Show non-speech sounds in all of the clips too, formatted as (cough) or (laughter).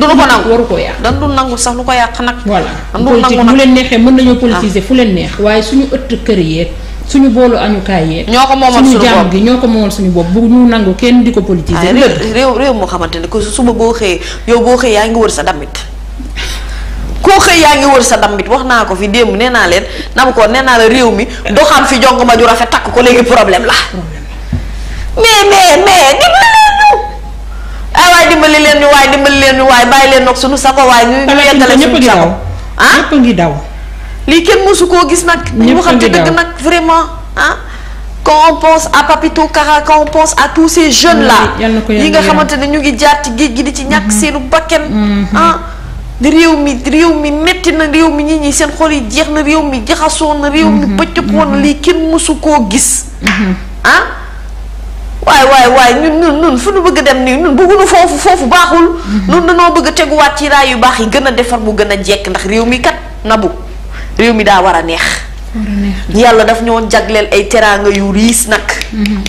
te du ko nangu waru ko yàq dan dul nangu sax lu ko yàq nag voilà politique bu leen neexee mën nañoo politiser ah. fu leen neex waaye suñu ëtt kër yeeg suñu boolu añukaay yeeg ñoo ko moomal suñu jàmm gi ñoo ko moomal suñu bopp bu ñu nangu kenn di ko politiser ah, réew réew moo xamante ne que suba boo xëyee yow boo xëyee yaa ngi wër sa damit koo xëy yaa ngi wër sa damit wax naa ko fi démb nee naa leen nam ko nee naa la réew mi doxaan fi jong ma ju rafet takk ko léegi problème la waay dimbali leen ñu waay dimbali leen ñu waay bàyyi leen nag suñu sako waay ñu ñu yeggale suñu sako ah ngi daw lii kenn mosu koo gis nag ñu waxante dëgg nag vraiment ah quand on à Papito Kara quand on pense à tous ces jeunes là mm, yi nga xamante ñu ngi jaar ci géej gi di ci ñàkk mm-hmm. seenu bakken mm-hmm. ah réew mi réew mi metti na réew mi nit ñi seen xol yi jeex na réew mi jaxasoo na réew mi bëccëg mm-hmm. na lii kenn mosu koo gis ah? waay waaye waaye ñun ñun fu ñu bëgg dem nii ñun bëgguñu foofu foofu baaxul. Mm-hmm. ñun dañoo bëgg a teguwaat ci raay yu baax yi gën a defar mu gën a jekk ndax réew mi kat na nabu réew mi daa war a neex. yàlla daf ñoo jagleel ay teraanga yu riis nag. Mm-hmm.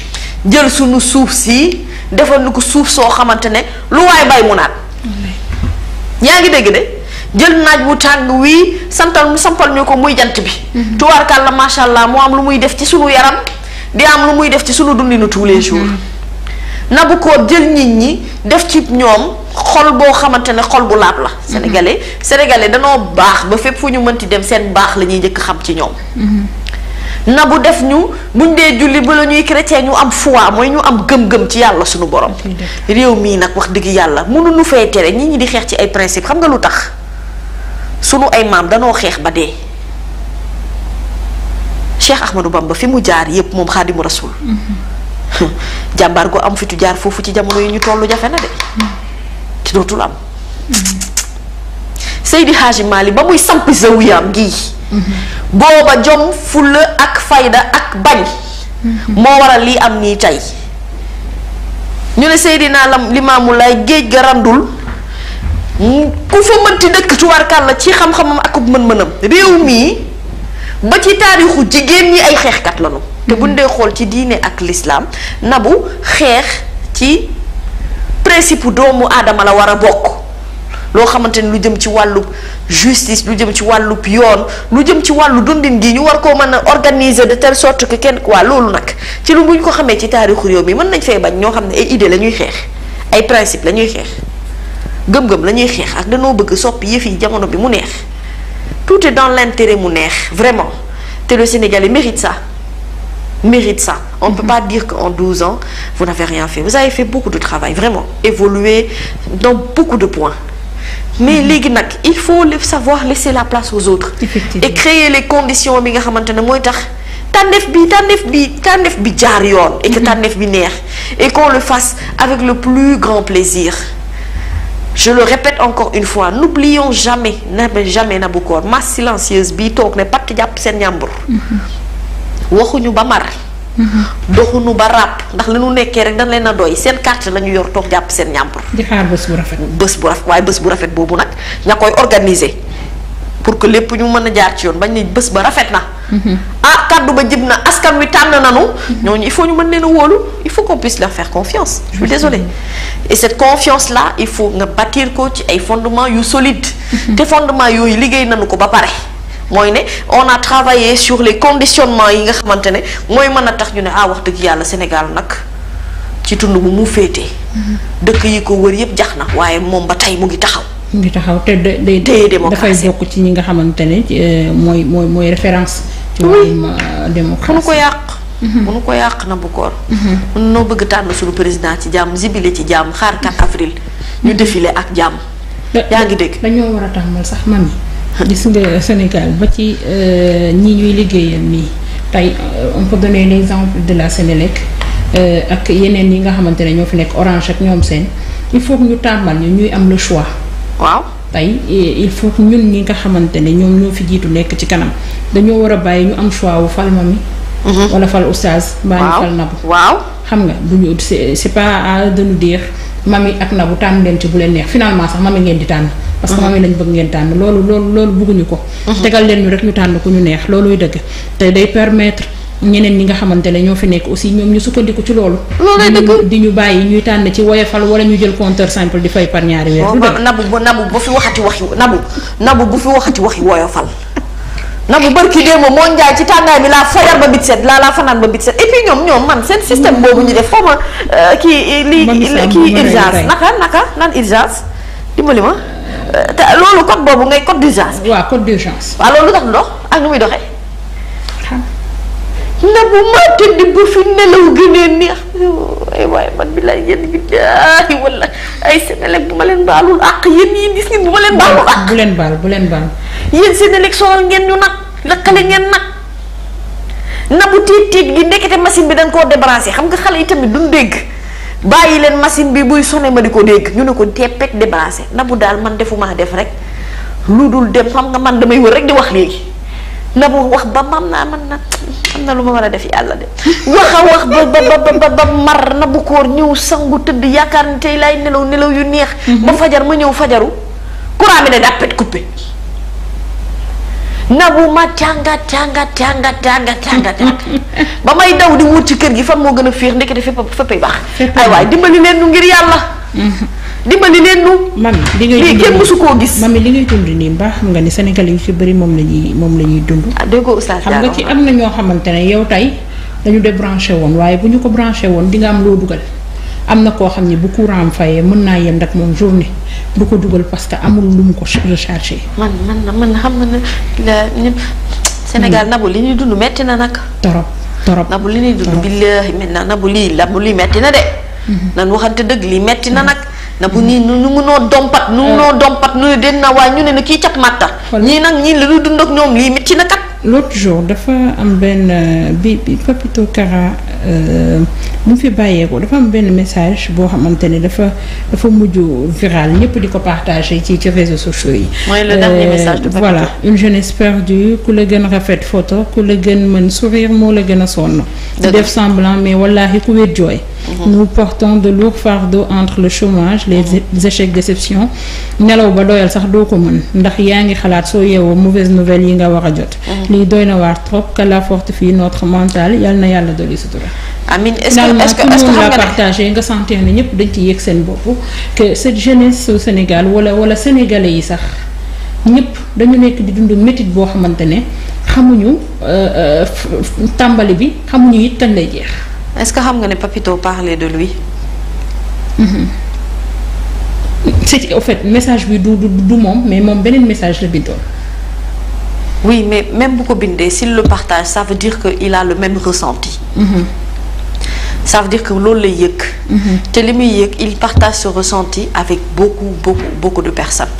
jël sunu suuf si defal nu ko suuf soo xamante ne lu waay bay mu naat. Mm-hmm. yaa ngi dégg de. jël naaj wu tàng wii santal mu sampal ñu ko muy jant bi. tubaarkàlla macha allah mu am lu muy def ci sunu yaram. di am lu muy def ci sunu dundinu tous les mhm. jours. nabu ko jël nit ñi def ci ñoom xol boo xamante ne xol bu laab la. Mhm. sénégalais sénégalais danoo baax ba fépp fu ñu mënti dem seen baax la ñuy njëkk xam ci ñoom. Mhm. bu def ñu buñ dee julli ba la ñuy chrétien ñu am foi mooy ñu am gëm-gëm ci yàlla sunu borom. réew mii nag wax dëgg yàlla ñu fay tere nit ñi di xeex ci ay principe xam nga lu tax sunu ay maam danoo xeex ba dee. Cheikh Ahmadou Bamba fi mu jaar yépp moom xaadimu rasul mm-hmm. jàmbaar gu am fitu jaar foofu ci jamono yi ñu tollu jafe na de mm-hmm. ci dootul am mm-hmm. Seydi Hadji ba muy samp zawiyaam gii booba jom fulla ak fayda ak bañ moo waral lii am nii tey ñu ne Seydina Lam Limaamu Laay géej ga randul ku fa mënti dëkk tubaarkàlla ci xam-xamam ak mën-mënam réew mii ba ci taarixu jigéen ñi ay xeexkat lañu te buñ xool ci diine ak lislaam nabu xeex ci principe doomu aadama la war a bokk loo xamante ni lu jëm ci wàllub justice lu jëm ci wàllub yoon lu jëm ci wàllu dundin gi ñu war koo mën a organiser de tele sort que kenn waa loolu nag ci lu buñ ko xamee ci taarixu réew mi mën nañ fee bañ ñoo xam ne ay idée la ñuy xeex ay principe la ñuy xeex gëm-gëm la xeex ak danoo bëgg soppi yëf yi jamono bi mu neex tout est dans l'intérêt mu neex vraiment te le Sénégalais mérite ça mérite ça on ne peut pas dire qu'en 12 ans vous n'avez rien fait vous avez fait beaucoup de travail vraiment évolué dans beaucoup de points mais mhm. léegi nag il faut savoir laisser la place aux autres et créer les conditions bi nga xamante ne mooy tax tànneef bi tànneef bi tànneef bi jaar yoon et mhm. bi neex et qu'on le fasse avec le plus grand plaisir je le répète encore une fois n'oublions jamais na jamais koon masse silencieuse bi toog ne patt jàpp seen ñàmbur waxuñu ba mar doxuñu ba ràpp ndax li nu nekkee rek dañ leen a doy seen carte la ñu yor toog jàpp seen ñàmbur di bu rafet bés bu rafet waaye bës bu rafet boobu nag ña koy organiser pour que lépp ñu mën a jaar ci yoon bañ ne bés ba rafet na ah kaddu ba jib na askan wi tànn nanu ñooñu il faut ñu mën leen a wóolu il faut qu'on puisse leur faire confiance je suis désolée et cette confiance là il faut nga bâtir ko ci ay fondement yu solide te fondement yooyu liggéey nañu ko ba pare mooy ne on a travaillé sur les conditionnements yi nga xamante ne mooy mën a tax ñu ne ah wax dëgg yàlla Sénégal nag ci tund bu mu féete mm-hmm. dëkk yi ko wër yëpp jax na waaye moom ba tey mu ngi taxaw mu ngi taxaw te day dafay bokk ci ñi nga xamante ne euh, mooy mooy mooy référence. ci wàllum euh, démocratie bu nu ko yàq. Mhm. bu ko yàq na bu koor. Mhm. mun noo bëgg tànn suñu président ci jàmm zibile ci jàmm xaar 4 avril. ñu défilé ak jàmm. yaa ngi war a tàmbal sax man gis nga Sénégal ba ci euh, ñi ñuy liggéeyal nii tey on peut donner l'exemple de la Sénélec ak yeneen yi nga xamante ne ñoo fi nekk Orange ak ñoom seen il faut que ñu tàmbal ñu ñuy am le choix. waaw tey eh, il faut que ñun ñi nga xamante ne ñoom ñoo fi jiitu nekk ci kanam dañoo war a bàyyi ñu am choix wu fal mami mhm. wala fal oustaz mbaa ñu fal nabu waaw xam nga bu ñu c'est pas à de deex dire mami ak nabu tànn leen ci bu leen neex finalement sax mami ngeen di tànn parce que mhm. mami lañ bëgg ngeen tànn loolu loolu loolu bëgguñu ko mhm. tegal leen ñu rek ñu tànn ku ñu neex looluy dëgg te day permettre ñeneen ñi nga xamante ne ñoo fi nekk aussi ñoom ñu sukkandiku ci loolu. loolay dëgg di ñu bàyyi ñuy tànn ci woyofal wala ñu jël compteur simple di fay par ñaari weer. bu dëgg nabu ba nabu bu fi waxati waxi nabu nabu bu fi waxati waxi woyofal. nabu barki démb moo njaay ci bi laa fajar ba bit set laa laa fanaan ba bit set et puis ñoom ñoom man seen système boobu ñu def xawma euh, kii eh, lii kii urgence naka naka nan urgence dimbali ma euh, te loolu code boobu ngay code d'urgence. waaw code d'urgence. waaw loolu dox ak lu muy doxee. na bu ma tëdd bu fi nelaw gënee neex ay waaye man bi laay yéen bi daay wala ay Sénélec bu ma leen baalul àq yéen yi gis ngeen bu ma leen baalul àq bu leen baal bu leen baal yéen Sénélec sonal ngeen ñu nag lakkale ngeen nag na bu tiit tiit gi ndekete bi dañ koo débranché xam nga xale yi tamit duñ dégg bàyyi leen machine bi buy sone ma di ko dégg ñu ne ko teppet débranché na bu daal man defumaa def rek lu dul dem xam nga man damay wër rek di wax léegi na bu wax ba mam naa man na am na lu ma war a def yàlla de wax a wax ba ba ba ba mar na bu koor ñëw sangu tëdd yaakaar ni tey laay nelaw nelaw yu neex. Mhm. ba fajar ma ñëw fajaru courant bi ne dàppet coupé. nabuma tànga tànga tànga tànga tànga tànga (laughs) ba may daw di wut ci kër gi fan moo gën a féex ndekete fépp féppay baax ay waay dimbali leen nu ngir yàlla (laughs) dimbali leen nu mami li ngay lii kenn su ko gis mami li ngay dund nii mbaa xam nga ni Sénégal yu ci bëri moom la ñuy moom la ñuy dund ah, déggoo oustaz xam nga ci am na ñoo xamante ne yow tey dañu débranché woon waaye bu ñu ko branché woon di nga am loo dugal am na koo xam ne bu courant am fayee mën naa yem rek moom journée bu ko dugal parce que amul lu mu ko rechargé. man man na man xam nga ne Sénégal mm. nabu li ñuy dund metti na nag. torop torop nabu li ñuy dund billaahi maintenant nabu lii nabu lii metti na de. Mm-hmm. nan waxante dëgg li metti na nag. Mm-hmm. na bu nii nu mu noo dompat nu mm. mu noo dompat nu ne den na waaye ñu ne na kii cap màtta ñii nag ñii la ñu dund ak ñoom lii metti na kat. l'autre jour dafa am benn euh, bi bi Papito Kara bu mu fi bàyyeeku dafa am benn message boo xamante ne dafa dafa mujj viral ñëpp di ko partage ci ci réseaux sociaux yi. mooy euh, message de voilà une jeunesse perdue ku la gën rafet photo ku la gën mën sourire moo la gën a sonn. def semblant mais wallaahi ku wér jooy. Mhm. nous portons de lourds fardeaux entre le chômage mhm. les échecs déceptions nelaw ba doyal sax doo ko mën ndax yaa ngi xalaat soo yeewoo mauvaise nouvelle yi nga war a jot mhm. lii doy na waar trop qu'Allah fortifie notre mental yal na yàlla dolli sutura amin est-ce que est-ce que tout le l'a partagé nga sentir ne ñëpp dañ ci yëg seen bopp que cette jeunesse au Sénégal wala wala sénégalais yi sax ñëpp dañu nekk di dund métit boo xamante ne xamuñu euh, euh, tàmbali bi xamuñu it tan lay est-ce que xam nga ne Papito parlait de lui. Mm-hmm. c'est au fait message bi du du du moom mais moom beneen message la bindoon. oui mais même bu ko bindee s'il le partage ça veut dire que il a le même ressenti. Mm-hmm. ça veut dire que loolu la yëg. Mm-hmm. te li muy yëg il partage ce ressenti avec beaucoup beaucoup beaucoup de personnes.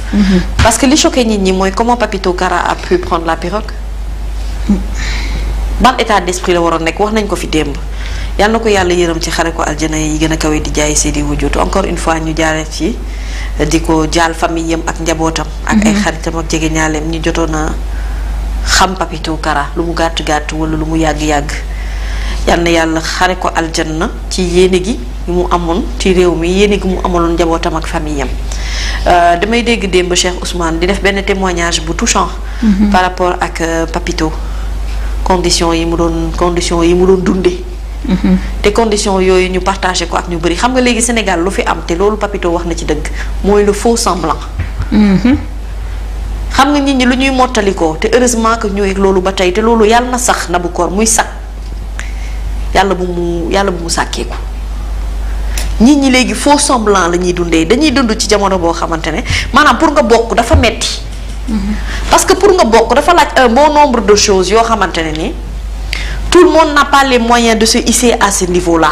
parce que li choqué nit ñi mooy comment Papito Kara a pu prendre la pirogue. Mm. ban état d'esprit la waroon nekk wax nañ ko fi démb yàlla na ko yàlla yërëm ci xare ko aljana yi gën a kawe di jaay di wujjutu encore une fois ñu jaaree ci di ko jaal famille yam ak njabootam. ak ay mhm. xaritam ak jege ñaaleem ñu jotoon a xam Papito Kara lu mu gàtt gàtt wala lu mu yàgg yàgg. yal yàlla xare ko aljanna ci yéene gi mu amoon ci réew mi yéene gi mu amaloon njabootam ak famille am euh, damay dégg démb Cheikh Ousmane di def benn témoignage bu touchant. Mhm. par rapport ak euh, Papito. conditions yi mu doon conditions yi mu doon dundee. Mhm. te conditions yooyu ñu partagé ko ak ñu bëri xam nga léegi Sénégal lu fi am te loolu Papito wax na ci dëgg mooy le faux semblant. Mhm. xam nga nit ñi lu ñuy mottalikoo te heureusement que ñooy loolu ba tey te loolu yàlla na sax nabu koor muy sax yàlla bu mu yàlla bu mu sàkkeeku nit ñi léegi faux semblant la ñuy dundee dañuy dund ci jamono boo xamante ne maanaam pour nga bokk dafa metti parce que pour nga bokk dafa laaj un bon nombre de choses yoo xamante ne nii tout le monde n'a pas les moyens de se hisser à ce niveau là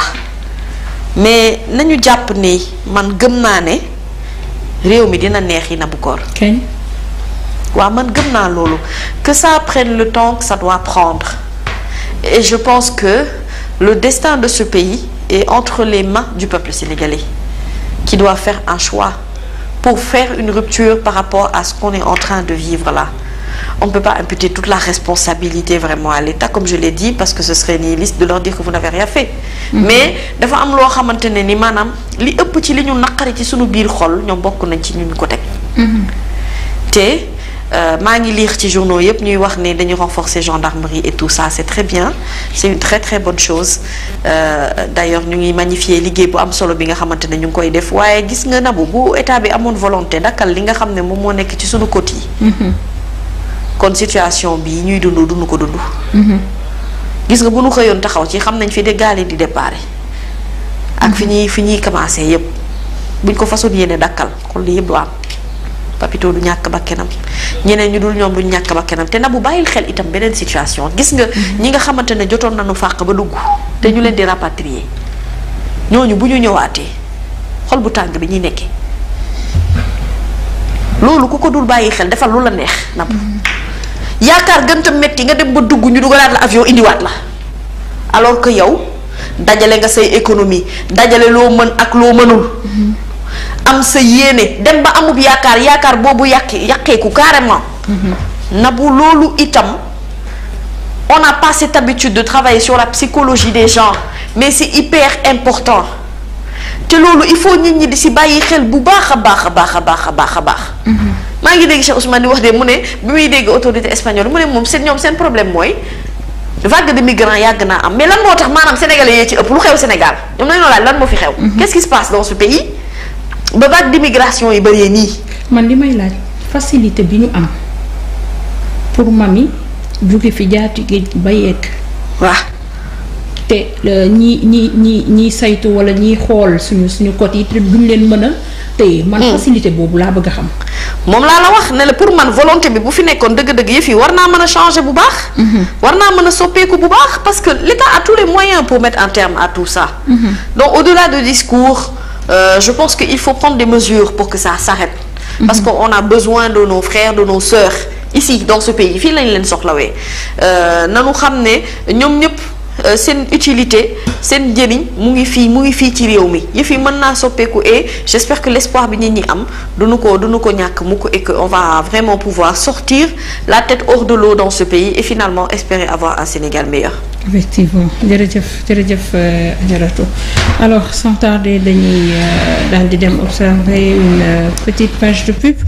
mais nañu jàpp ne man gëm naa ne réew mi dina neex yi na bu koor waaw man gëm naa loolu que sa prenne le temps que ça doit prendre et je pense que le destin de ce pays est entre les mains du peuple sénégalais qui doit faire un choix pour faire une rupture par rapport à ce qu'on est en train de vivre là. On ne peut pas imputer toute la responsabilité à l'État, comme je l'ai dit, parce que ce serait nihiliste de leur dire que vous n'avez rien fait. Mm-hmm. mais dafa am loo xamante ne ni maanaam li ëpp ci li ñu naqari ci suñu biir xol ñoom bokk nañ ci ñu ko teg. Mm-hmm. te Euh, maa ngi lire ci journaux yëpp ñuy wax ne dañu renforcer gendarmerie et tout ça c'est très bien c'est une très très bonne chose euh, d'ailleurs ñu ngi magnifier liggéey bu am solo bi nga xamante ne ñu ngi koy def waaye gis nga nabu bu état bi amoon volonté dakkal li nga xam ne moom moo nekk ci suñu côte yi mm-hmm. kon situation bi ñuy dund dund ko dund mm-hmm. gis nga bu ñu xëyoon taxaw ci xam nañ fi de gaal di déparé ak fi ñuy fi ñuy commencé yëpp buñ ko façon yéene dakkal kon li papito du ñàkk bakkenam ñeneen ñu dul ñoom duñ ñàkk bakkenam te na bu bàyyil xel itam beneen situation gis nga mhm. ñi nga xamante ne jotoon nañu fàq ba dugg te ñu leen di rapatrier ñooñu bu ñu ñëwaatee xol bu tàng bi ñuy nekkee loolu ku ko dul bàyyi xel defal lu la neex napp mhm. yaakaar gën te metti nga dem ba dugg ñu dugalaat la avion indiwaat la alors que yow dajale nga say économie dajale loo mën ak loo mënul mhm. am sa yéene dem ba amub yaakaar yaakaar boobu yàq yàqeeku carrément mm-hmm. na bu loolu itam on n'a pas cette habitude de travailler sur la psychologie des gens mais c'est hyper important te loolu il faut nit ñi di si bàyyi xel bu baax a baax a baax a baax a baax a baax mm-hmm. maa ngi dégg Cheikh Ousmane wax de mu ne bi muy dégg autorité espagnole mu ne moom seen ñoom seen problème mooy vague de migrants yàgg naa am mais lan moo tax maanaam sénégalais yee ci ëpp lu xew Sénégal ñoom nañoo laaj moo fi xew mm-hmm. qu'est-ce qui se ba vague d'immigration yi bëree nii. man li may laaj facilité bi ñu am pour ma mami jóge fi jaati géej ba yegg. waa te ñi ñi ñii ñi saytu wala ñiy xool suñu suñu côté yi te duñ leen mën a téye. man hmm. facilité boobu laa bëgg a xam. moom laa la wax ne la pour man volonté bi bu fi nekkoon dëgg-dëgg yëf yi war naa mën a changer bu baax. Hmm. war naa mën a soppeeku bu baax parce que l'État a tous les moyens pour mettre un terme à tout ça. Hmm. donc au-delà de discours. euh, je pense qu'il faut prendre des mesures pour que ça s'arrête parce mm -hmm. qu'on a besoin de nos frères de nos sœurs ici dans ce pays fii lañ leen soxlawee euh, nanu xam ne ñoom ñëpp Euh, seen utilité seen jëriñ mu ngi fii mu ngi fii ci réew mi yëf mën naa soppeeku et j'espère que l'espoir bi nit ñi am duñu ko duñu ko ñàkk mu ko et que on va vraiment pouvoir sortir la tête hors de l'eau dans ce pays et finalement espérer avoir un Sénégal meilleur. effectivement jërëjëf jërëjëf euh, Adjaratou alors sans tarder dañuy euh, daal di dem observer une petite page de pub.